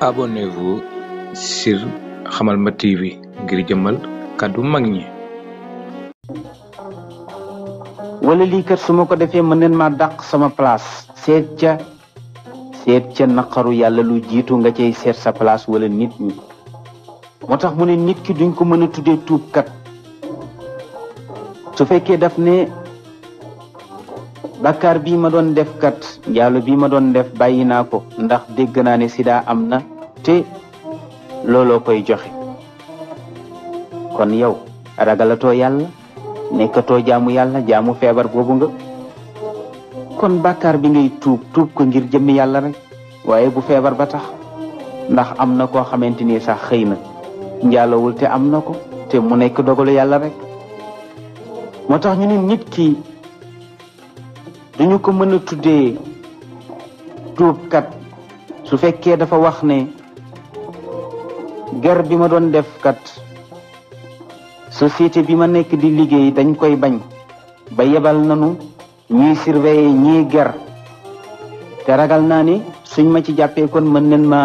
abonnez-vous sur Hamalma TV ngir jëmmal kàddu mag ñi. wala lii kat su ma ko defee mën neen maa dàq sama palaas seet ca seet ca naqaru yàlla lu jiitu nga cay seet sa place wala nit ñi moo tax mu ne nit ki duñ ko mën a tuddee tuubkat su fekkee daf ne bakkaar bii ma doon def kat njaalo bii ma doon def bàyyi naa ko ndax dégg naa ne sidaa am na. te looloo koy joxe kon yow ragalatoo yàlla nekkatoo jaamu yàlla jaamu feebar boobu nga kon bàkkaar bi ngay tuub tuub ko ngir jëmmi yàlla rek waaye bu feebar ba tax ndax am na koo xamante ni sax xëy na njaalawul te am na ko te mu nekk dogalu yàlla rek moo tax ñu ne nit ki duñu ko mën tudde tuddee tuubkat su fekkee dafa wax ne ger bi ma doon def kat société bi ma nekk di liggéey dañ koy bañ ba yebal nanu ñuy surveiller ñii ger te ragal naa ni suñ ma ci jàppee kon mën na ma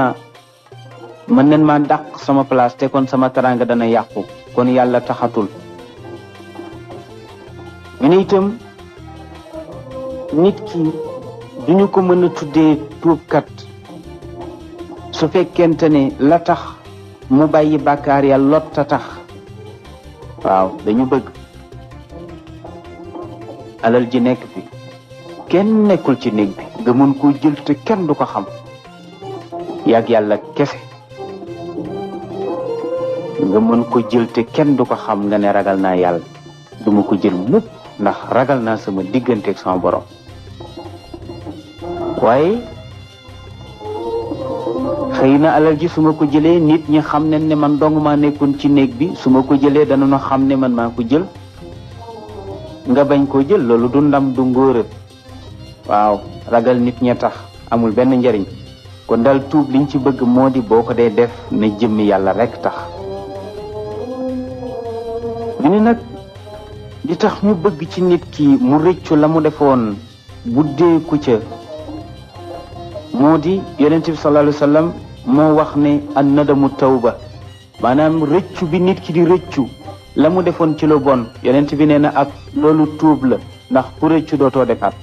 mën nen ma dàq sama place te kon sama taranga dana yàqu kon yàlla taxatul ñu ne nit ki duñu ko mën a tuddee tuubkat su fekkente ne la tax mu bàyyi bakaar ya lot a tax waaw dañu bëgg alal ji nekk fi kenn nekkul ci néeg bi nga mën koo jëlt kenn du ko xam yàgg yàlla kese nga mën koo jël te kenn du ko xam nga ne ragal naa yàlla du ko jël mukk ndax ragal naa sama digganteeg sama borom waaye xëy na alal ji su ma ko jëlee nit ñi xam ne ne man dong maa nekkoon ci néeg bi su ma ko jëlee dana na xam ne man maa ko jël nga bañ koo jël loolu du ndam du ngóora waaw ragal nit ña tax amul benn njariñ kon daal tuub liñ ci bëgg moo di boo ko dee def na jëmmi yàlla rekk tax ñu nag di tax ñu bëgg ci nit ki mu rëccu la mu defoon buddeeku ca moo di yonent bi sallallahu moo wax ni an nadamu taw ba maanaam rëccu bi nit ki di rëccu la mu defoon ci lu bon yonent bi nee na ak loolu tuub la ndax ku rëccu dootoo defaat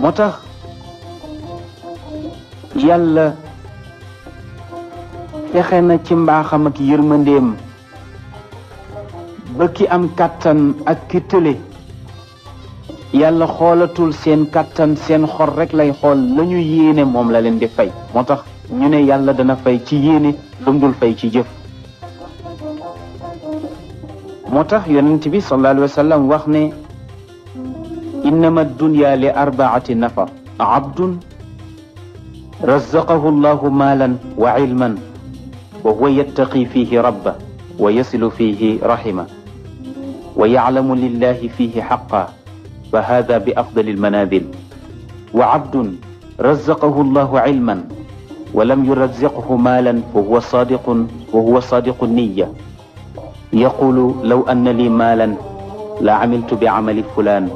moo tax yàlla fexe na ci mbaaxam ak yërmandeem ba ki am kàttan ak ki tële yàlla xoolatul seen kattan seen xol rek lay xool la ñu yéene moom la leen di fay moo tax ñu ne yàlla dana fay ci yéene lu mu dul fay ci jëf moo tax yonent bi sallallahu alayhi wa sallam wax ne innama dunya li arbaati nafar abdun razaqahu llahu maalan wa ilman wa huwa yattaqi fihi rabba wa yasilu fihi rahima wa yaclamu lillahi fihi xaqa فهذا بأفضل المنازل وعبد رزقه الله علما ولم يرزقه مالا فهو صادق وهو صادق النية يقول لو أن لي مالا لعملت بعمل فلان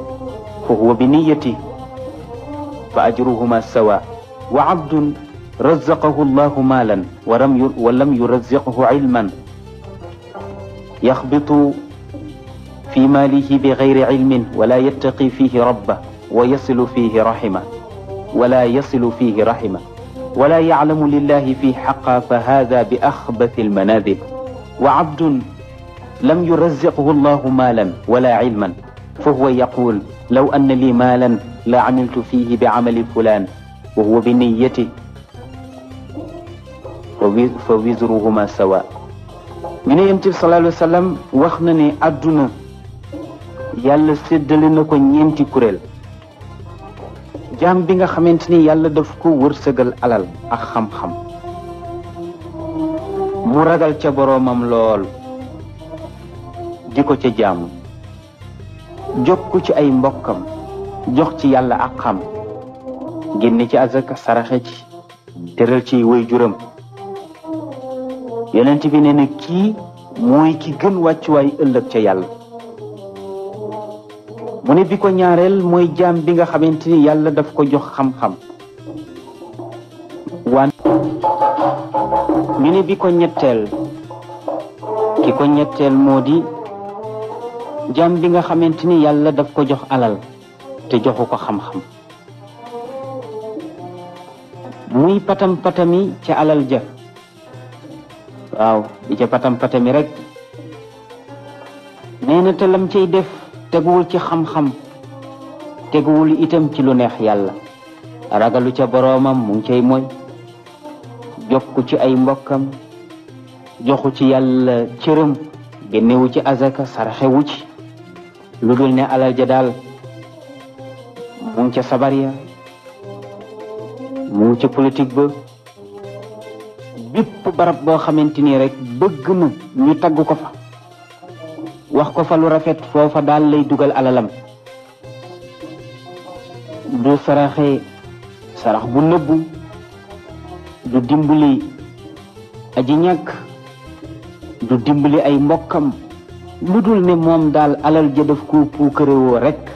فهو بنيته فأجرهما سواء وعبد رزقه الله مالا ولم يرزقه علما يخبط في ماله بغير علم ولا يتقي فيه ربه ويصل فيه رحمه ولا يصل فيه رحمه ولا يعلم لله في حقه فهذا بأخبث المناذب وعبد لم يرزقه الله مالا ولا علما فهو يقول لو أن لي مالا لعملت فيه بعمل فلان وهو بنيته فوزرهما سواء من ñu صلى الله عليه وسلم وخنني أدنى yàlla séddale na ko ñeenti kuréel jaam bi nga xamante ni yàlla daf ko wërsëgal alal ak xam-xam mu ragal ca boroomam lool di ko ca jaamu ko ci ay mbokkam jox ci yàlla ak xam génne ci azaka saraxe ci tëral ci way juram yonent bi nee na kii mooy ki gën wàccuwaay ëllëg ca yàlla mu ne bi ko jam mooy jaam bi nga xamante ni yàlla daf ko jox xam-xam waan ñu ne bi ko ñetteel ki ko di jaam bi nga xamante ni yàlla daf ko jox alal te joxu ko xam-xam muy patam-patami ci alal ja waaw di ca patam-patami rek nee na te lam cay def teguwul ci xam-xam teguwul itam ci lu neex yàlla ragalu ca boroomam mu ngi cay moy jokku ci ay mbokkam joxu ci yàlla cëram génnewu ci azaka sarxewu ci lu dul ne alal daal mu ngi ca sabar mu ngi ca politique ba barab boo xamante ni rek bëgg na ñu tagg ko fa wax ko fa lu rafet foofa daal lay dugal alalam du saraxe sarax bu nëbbu du dimbali aji ñàkk du dimbali ay mbokkam lu dul ne moom daal alal ja daf ko puukarewoo rekk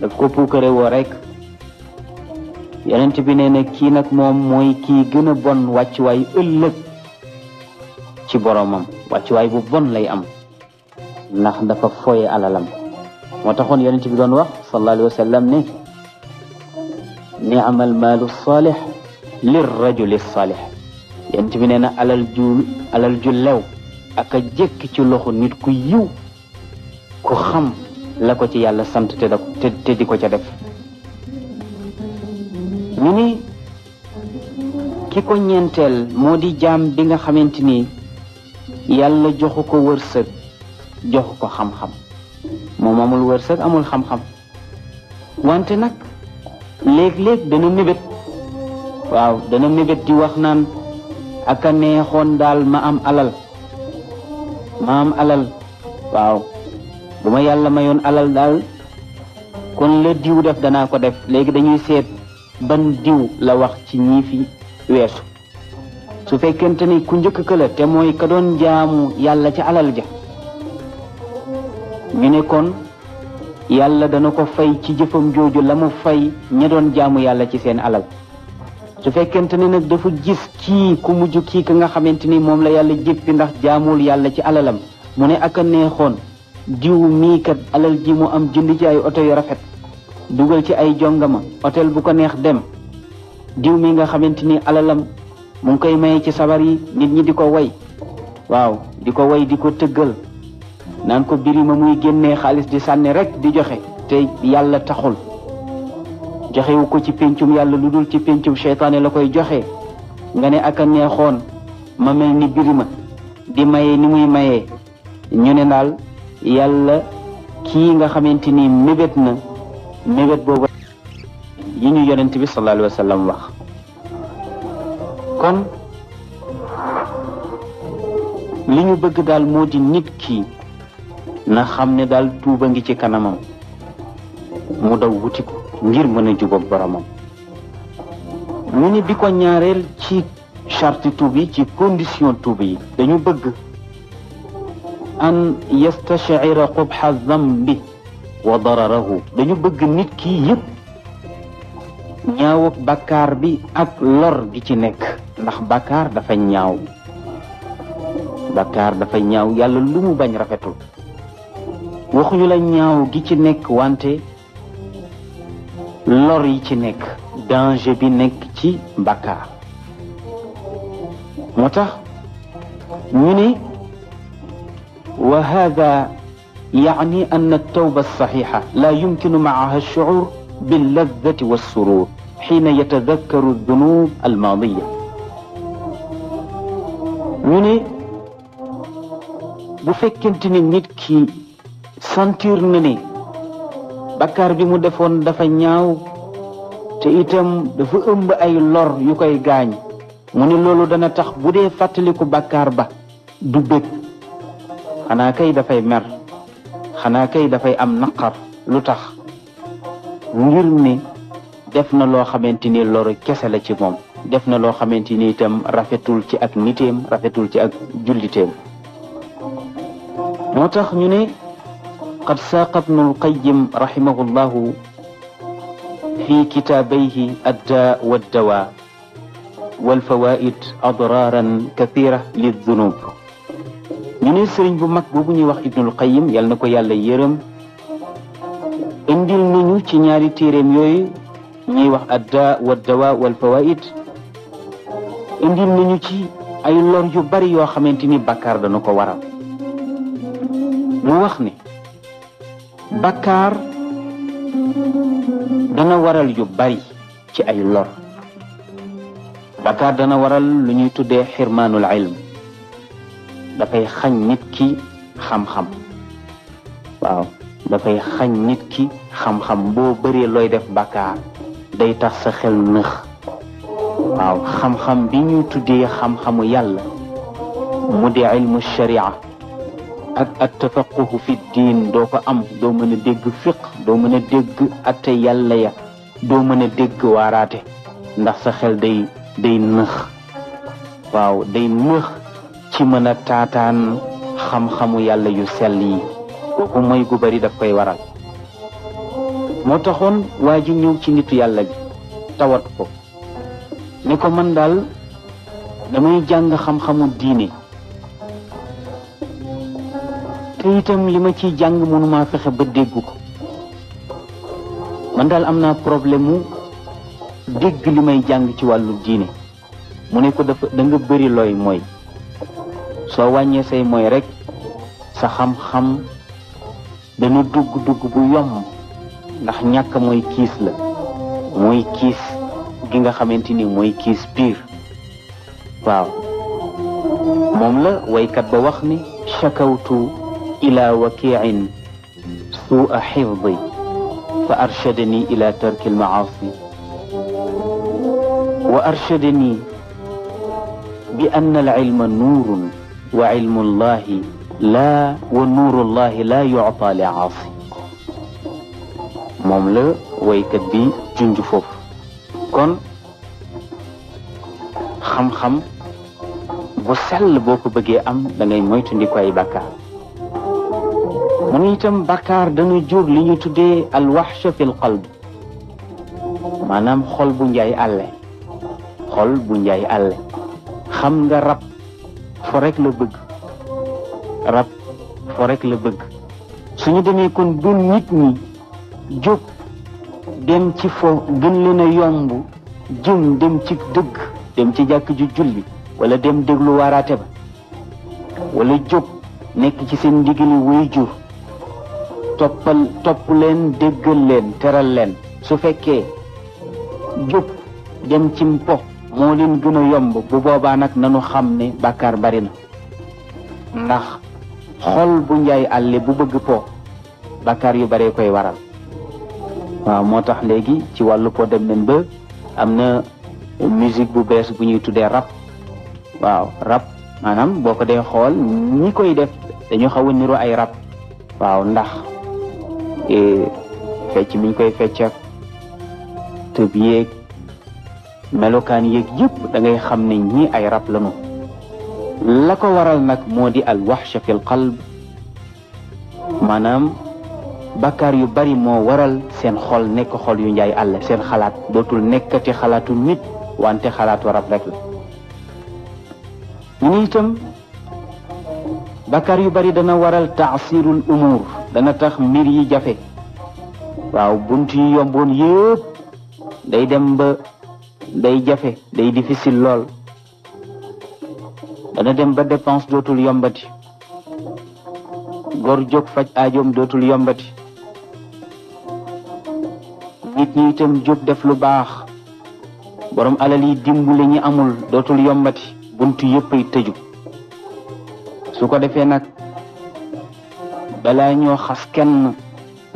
daf ko puukarewoo rekk yonent bi nee na nag moom mooy kii gën a bon wàccuwaay ëllëg ci boromam wàccuwaay bu bon lay am ndax dafa foye alalam moo taxoon yonent bi doon wax sallallahu alayhi wa sallam ne alal ju lew ak a jékki ci loxo nit ku yiw ku xam la ko ci yàlla sant te da di ko ca def ñu ki ko ñeenteel moo di jaam bi nga xamante ni yàlla joxu ko wërsëg jox ko xam-xam moom amul wërsëg amul xam-xam wante nag léeg-léeg dana mébét waaw dana mébét di wax naan ak neexoon daal ma am alal ma am alal waaw bu ma yàlla mayoon alal daal kon la diw def danaa ko def léegi dañuy seet ban diw la wax ci ñii fi weesu su fekkente ni ku njëkk ka te mooy ka doon jaamu yàlla ci alal ja ñu ne kon yàlla dana ko fay ci jëfam jooju la mu fay ña doon jaamu yàlla ci seen alal su fekkente ne nag dafa gis kii ku mujj kii ka nga xamante ni moom la yàlla jéppi ndax jaamuwul yàlla ci alalam mu ne ak a neexoon diw mii kat alal ji mu am jënd ci ay oto yu rafet dugal ci ay jongama hôtel bu ko neex dem diw mii nga xamante ni alalam mu ngi koy maye ci sabar yi nit ñi di ko way waaw di ko way di ko tëggal naan ko birima muy génnee xaalis di sànni rek di joxe te yàlla taxul joxewu ko ci péncum yàlla lu dul ci péncum seytaane la koy joxe nga ne ak neexoon ma mel ni birima di maye ni muy mayee ñu ne daal yàlla kii nga xamante ni mébét na mébét boobu yi ñu yonent bi sallallahu alayhi wa sallam wax kon li ñu bëgg daal moo di nit kii na xam ne daal tuuba ngi ci kanamam mu daw wuti ko ngir mën a jubóog boromam ñu ni bi ko ñaareel ci charte tuub yi ci condition tuub yi dañu bëgg an yastashira qubha zambi wa dararahu dañu bëgg nit ki yëpp ñaaw ak bakkaar bi ak lor gi ci nekk ndax bakkaar dafa ñaaw bakkaar dafa ñaaw yàlla lu mu bañ rafetul waxuñu la ñaaw gi ci nekk wante lor yi ci nekk danger bi nekk ci mbakaar moo tax ñu ni wa hada يعني أن التوبة الصحيحة لا يمكن معها الشعور باللذة والسرور xiina يتذكر الذنوب almaadiya ñu ni bu fekkente ni nit ki sentir na ni bakkaar bi mu defoon dafa ñaaw te itam dafa ëmb ay lor yu koy gaañ mu ni loolu dana tax bu dee fàttaliku bakkaar ba du bëgg xanaa kay dafay mer xanaa kay dafay am naqar lu tax ngir ni def na loo xamante ni loru kese la ci moom def na loo xamante ni itam rafetul ci ak niteem rafetul ci ak julliteem moo tax ñu ne قد ساق ابن القيم رحمه الله في كتابيه الداء والدواء والفوائد أضرارا كثيرة للذنوب ني سيرن بو ماك بوبو ني واخ ابن القيم يال نكو يالا ييرم انديل نيو سي نياري تيريم يوي ني واخ الداء والدواء والفوائد انديل نيو سي اي لور يو بري يو خامتيني بكار دا نكو وارا مو واخني bakkaar dana waral yu bari ci ay lor bakkaar dana waral lu ñuy tuddee xirmaanul ilm dafay xañ nit ki xam-xam waaw dafay xañ nit ki xam-xam boo bëree looy def bakkaar day tax sa xel nëx waaw xam-xam bi ñuy tuddee xam-xamu yàlla mu di ilmu sharia ak at tafaquhu fi diin doo ko am doo mën a dégg fiq doo mën a dégg atte yàlla ya doo mën a dégg waaraate ndax sa xel day day nëx waaw day nëx ci mën a taataan xam-xamu yàlla yu sell yi kooku mooy gu bari daf koy waral moo taxoon waa ji ñëw ci nitu yàlla bi tawat ko ne ko man daal damay jàng xam-xamu diine te itam li ma ciy jàng mënuma fexe ba dégg ko man daal am naa problème dégg li may jàng ci wàllu diine mu ne ko dafa da nga bëri looy mooy soo wàññee say mooy rek sa xam-xam dana dugg dugg bu yomb ndax ñàkk mooy kiis la mooy kiis gi nga xamante ni mooy kiis waaw moom la waykat ba wax ni chakawtu إلى وكيع سوء حفظي فأرشدني إلى ترك المعاصي وأرشدني بأن العلم نور وعلم الله لا ونور الله لا يعطى لعاصي moom ويكتبي جنجفوف كن خم خم kon xam بجي أم sell boo دي bëggee بكار mu ne itam bakkaar dana jur li ñu tuddee alwaxsha fil qalb maanaam xol bu njaay àlle xol bu njaay àlle xam nga rab fo rek la bëgg rab fo rek la bëgg suñu demee kon ba nit ñi jóg dem ci fo gën leen a yomb jëm dem ci dëgg dem ci jàkk ju julli wala dem déglu waraate ba wala jóg nekk ci seen ndigali way jur topal top len déggal len teral len su fekke guno dem ci mpo mo len gëna yomb bu boba nak nanu xamne bakar bàkkaar bari na ndax xol bu njaay alle bu bëgg po bàkkaar yu bare koy waral wa motax legi ci walu po dem nañ ba amna musique bu bes bu ñuy tuddé rap waaw rap manam boko dé xol ñi koy def dañu xawu niro ay rap waaw ndax fecc mi ñu koy fecc ak tëb yeeg melokaan yeeg yëpp da ngay xam ne ñii ay rab lañu la ko waral nag moo di al waxsha fi l qalb maanaam bakkaar yu bari moo waral seen xol nekk xol yu njaay al seen xalaat dootul nekkati xalaatu nit wante xalaatu rab rek la ñu ne yu bari dana waral taasirul umur dana tax mbir yi jafe waaw buntu yi yomboon yépp day dem ba day jafe day difficile lool dana dem ba dépense dootul yombati gor jok faj aajoom dootul yombati nit ñi itam jog def lu baax borom alal yi dimbali ñi amul dootul yombati buntu yépp ay tëju su ko defee bala ñoo xas kenn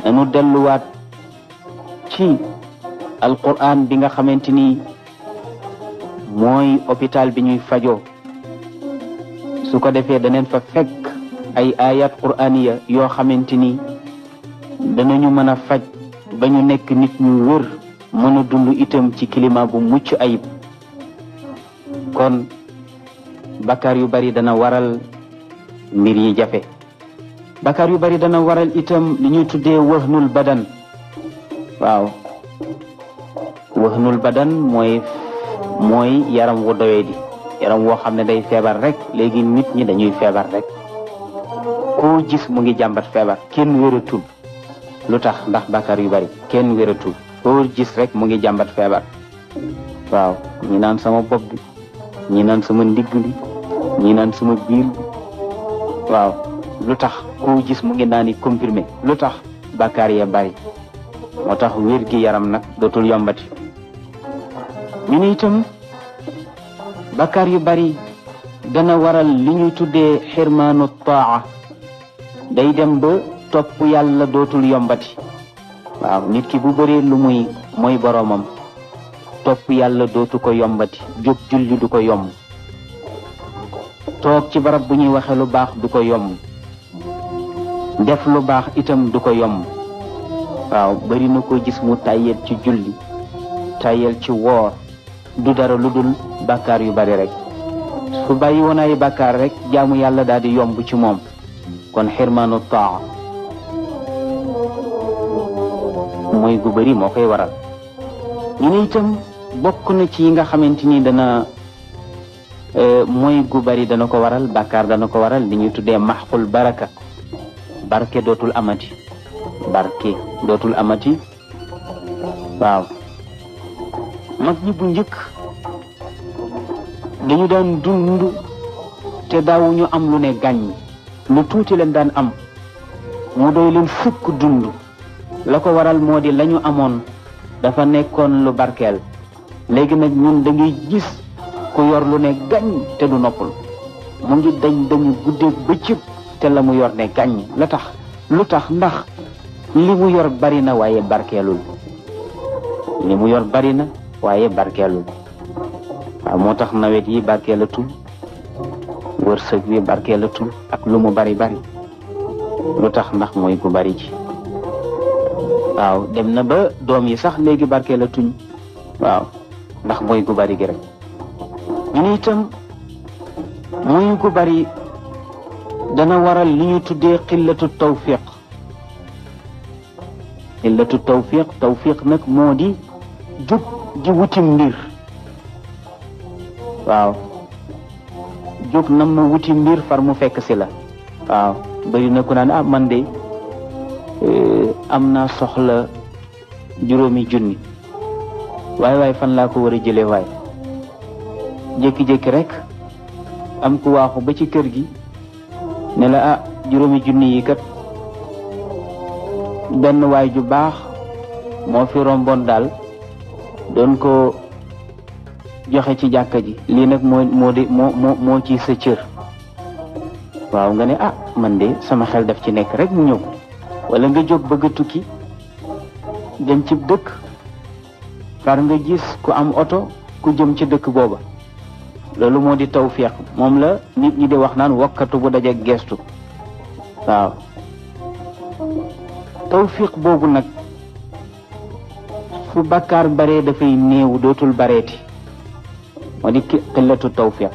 nu delluwaat ci alquran bi nga xamante ni mooy hôpital bi ñuy fajoo su ko defee daneen fa fekk ay ayat qur'aniya yoo xamante ni danañu mën a faj ba ñu nekk nit ñu wër mën a dund itam ci climat bu mucc ayib kon bakar yu bari dana waral mbir yi jafe bakkaar yu bari dana waral itam li ñuy tuddee waxnul badan waaw waxnul badan mooy mooy yaram wu doyee yaram woo xam ne day feebar rek léegi nit ñi dañuy feebar rek koo gis mu ngi jàmbat feebar kenn wératul lu tax ndax bakar yu bari kenn wératul koo gis rek mu ngi jàmbat feebar waaw ñi sama bopp bi ñi sama ndigg bi ñi sama biir waaw lu tax koo gis mu ngi naan comprimé lu tax bàkkaar ya bari moo tax wér gi yaram nag dootul yombati ñu ne itam yu bari dana waral li ñuy tuddee xirmaanu taa day dem ba topp yàlla dootul yombati waaw ki bu bëree boroomam topp yàlla dootu ko yombati jóg julli du ko yomb toog ci barab bu ñuy waxee lu baax du ko yomb def lu baax itam du ko yomb waaw bari na ko gis mu tàyyeel ci julli tàyyeel ci woor du dara lu dul bàkkaar yu bari rek su bàyyi woon ay bàkkaar rek jàmm yàlla daal di yomb ci moom kon xirmaanu taa mooy gu bari moo koy waral ñu ne itam bokk na ci yi nga xamante ni dana eh, mooy gu bari dana ko waral bàkkaar dana ko waral li ñuy tuddee maxqul baraka barke dootul amati barke dootul amati waaw mag ñi bu njëkk dañu daan dund te daawuñu am lu ne gàññ lu tuuti leen daan am mu doy leen fukk dund la ko waral moo di lañu amoon dafa nekkoon lu barkeel léegi nag ñun da gis ku yor lu ne gàññ te du noppal mu ngi dañ dañu guddeeg bëccëg te la mu yor ne gàññ la tax lu tax ndax li mu yor bari na waaye barkeelul li mu yor bari na waaye barkeelul waaw moo tax nawet yi barkeelatul wërsëg wi barkeelatul ak lu mu bari bari lu tax ndax mooy gu bari ji waaw dem na ba doom yi sax léegi barkeelatuñ waaw ndax mooy gu bari gi rek ñu ne gu bari دانا ورال لي تودي قله التوفيق قله التوفيق توفيق نك مودي جوب دي ووتي مير واو جوب نام ووتي مير فار مو فيك سي لا واو بري نكو نان ا من دي ا اه، امنا سخلا جرومي جوني واي واي فان لا كو وري جيلي واي جيكي جيكي رك ام كو واخو با سي ne la ah juróomi junni yi benn waay ju baax moo fi romboon daal doon ko joxe ci jàkka ji lii nag moo moo moo moo ci sa cër waaw nga ne ah man de sama xel daf ci nekk rek mu ñëw wala nga jóg bëgg tukki dem ci dëkk far nga gis ku am oto ku jëm ci dëkk booba loolu moo di tawfiq moom la nit ñi di wax naan wakkatu bu daje gestu waaw tawfiq boobu nag fu bakkaar baree dafay néew dootul bareeti moo di qillatu tawfiq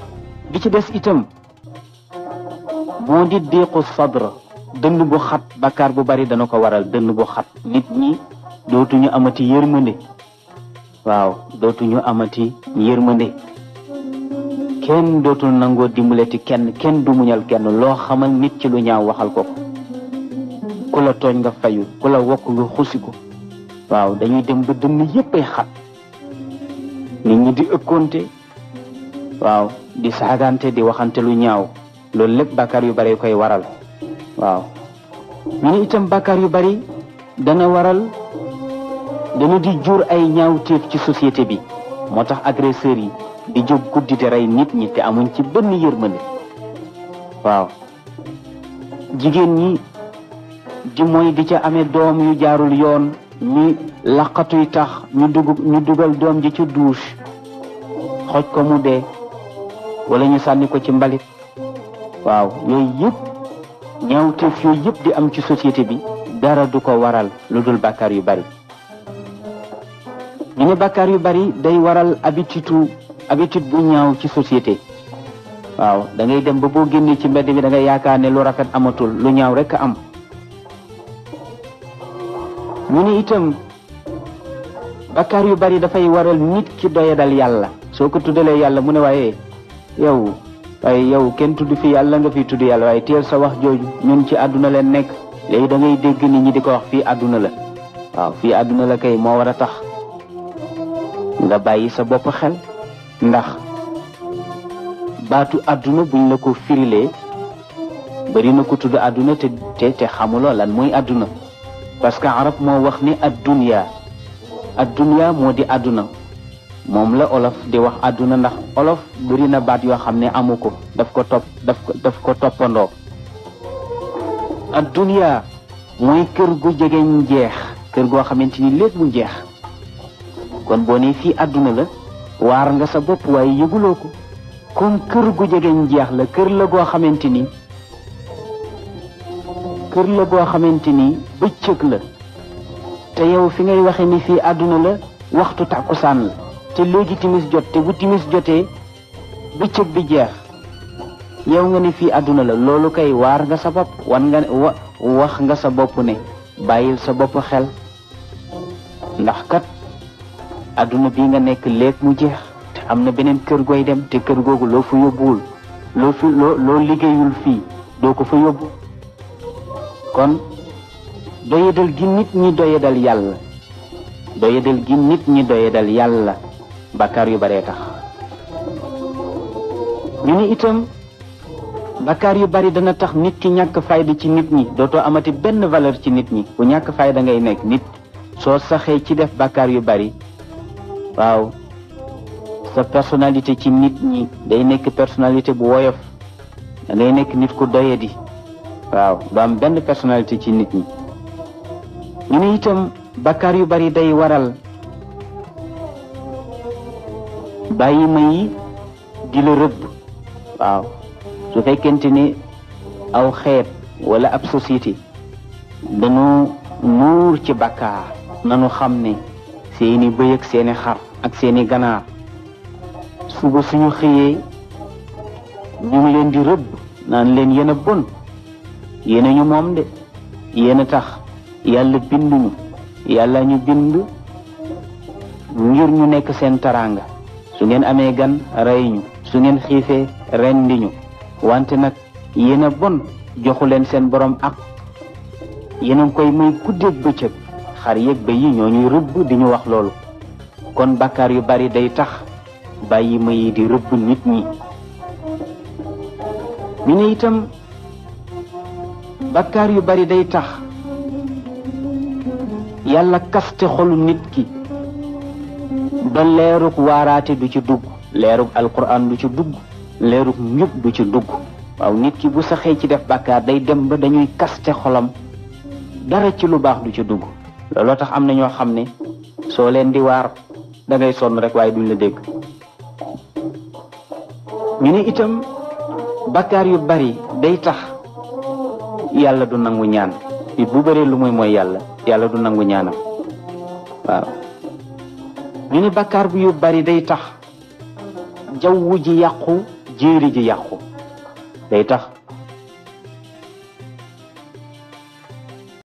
bi ci des itam moo di diiqu sadr dënn bu xat bakkaar bu bari dana ko waral dënn bu xat nit ñi dootuñu amati yërmande waaw dootuñu amati yërmande kenn dootul nangoo ti kenn kenn du muñal kenn loo xamal nit ci lu ñaaw waxal ko ko ku la tooñ nga fayu ku la wokk nga xusi waaw dañuy dem ba dënn yépp ay xat nit ñi di ëkkoonte waaw di saagante di waxante lu ñaaw loolu lépp bàkkaar yu bari koy waral waaw ñu ne itam bàkkaar yu bari dana waral dana di jur ay ñaawteef ci société bi moo tax agresseurs yi di jóg guddi di rey nit ñi te amuñ ci benn yërmande waaw jigéen ñi di mooy di ca amee doom yu jaarul yoon ñi laqatuy tax ñu dugg ñu dugal doom ji ci duus xoj ko mu dee wala ñu sànni ko ci mbalit waaw yooyu yëpp ñaawteef yooyu yëpp di am ci société bi dara du ko waral lu dul bàkkaar yu bari ñu bàkkaar yu bari day waral habitude habitude bu ñaaw ci société waaw dangay dem ba boo génnee ci mbedd bi dangay yaakaar ne lu rafet amatul lu ñaaw rek am ñu ne itam bakkaar yu bari dafay waral nit ki doyadal yàlla soo ko tuddalee yàlla mu ne waaye yow waaye yow kenn tudd fi yàlla nga fi tudd yàlla waaye teel sa wax jooju ñun ci àdduna leen nekk léegi dangay ngay dégg ñi di ko wax fii àdduna la waaw fii àdduna la kay moo war a tax nga bàyyi sa bopp xel ndax batu aduna buñ la ko firile bari na ko tudd aduna te te te xamuloo lan moy aduna parce que arab mo wax ni addunya addunya di aduna mom la olof di wax aduna ndax olof bari na baat yo xamné amuko daf ko top daf ko daf ko ad-dunya moy kër gu jégen jeex kër go xamanteni lepp jeex kon aduna la war nga sa bop way yeguloko kon keur gu jege njeex la keur la go xamanteni keur la go xamanteni beccuk la te yow fi ngay waxe ni fi aduna la waxtu takusan te legi timis jot te bu timis joté beccuk bi jeex yow nga ni fi aduna la lolou kay war nga sa bop wan nga wax nga sa bop ne bayil sa bop xel ndax kat aduna bi nga nek lek mu jeex amna benen keur goy dem te keur gogu lo fu yobul lo fi lo ligeyul fi doko fa kon doyedal gi nit ñi doyedal yalla, doyedal gi nit ñi doyedal yalla, bakar yu bare tax ñu itam bakar yu bari dana tax nit ki ñàkk fayda ci nit ñi doto amati benn valeur ci nit ñi bu ñàkk fayda ngay nek nit so saxé ci def bakar yu bari waaw sa personalité ci nit ñi day nekk personalité bu woyof da nekk nit ku doyadi waaw du am benn personnalité ci nit ñi ñu ne itam bakkaar yu bari day waral bàyyi ma yi di la rëbb waaw su fekkente ni aw xeet wala ab société dañu nuur ci bakkaar nanu xam ne seeni bëy seeni xar ak seeni ganar suba suñu xëyee ñu ngi leen di reub naan leen yena bon yena ñu mom de yena tax yalla bindu ñu yalla ñu bindu ngir ñu nekk seen taranga su ngeen amé gan ray ñu su ngeen xifé rendi ñu wante nak yena bon joxu leen seen borom ak yena koi koy kudde guddeeg bëccëg xar yek ba yi ñoo ñuy di ñu wax lolu kon bakkaar yu bari day tax bàyyi ma yi di rëbb nit ñi ñu ne itam bakkaar yu bari day tax yàlla kaste xolu nit ki da leerug waaraate du ci dugg leerug alquran du ci dugg leerug njub du ci dugg waaw nit ki bu saxee ci def bàkkaar day dem ba dañuy kaste xolam dara ci lu baax du ci dugg looloo tax am na ñoo xam ne soo leen di waar da sonn rek waaye duñ la dégg ñu ne itam bakkaar yu bari day tax yàlla du nangu ñaan bi bu bëree lu muy mooy yàlla yàlla du nangu ñaanam waaw ñu ne bakkaar bu yu bari day tax jawwu ji yàqu jéeri ji yàqu day tax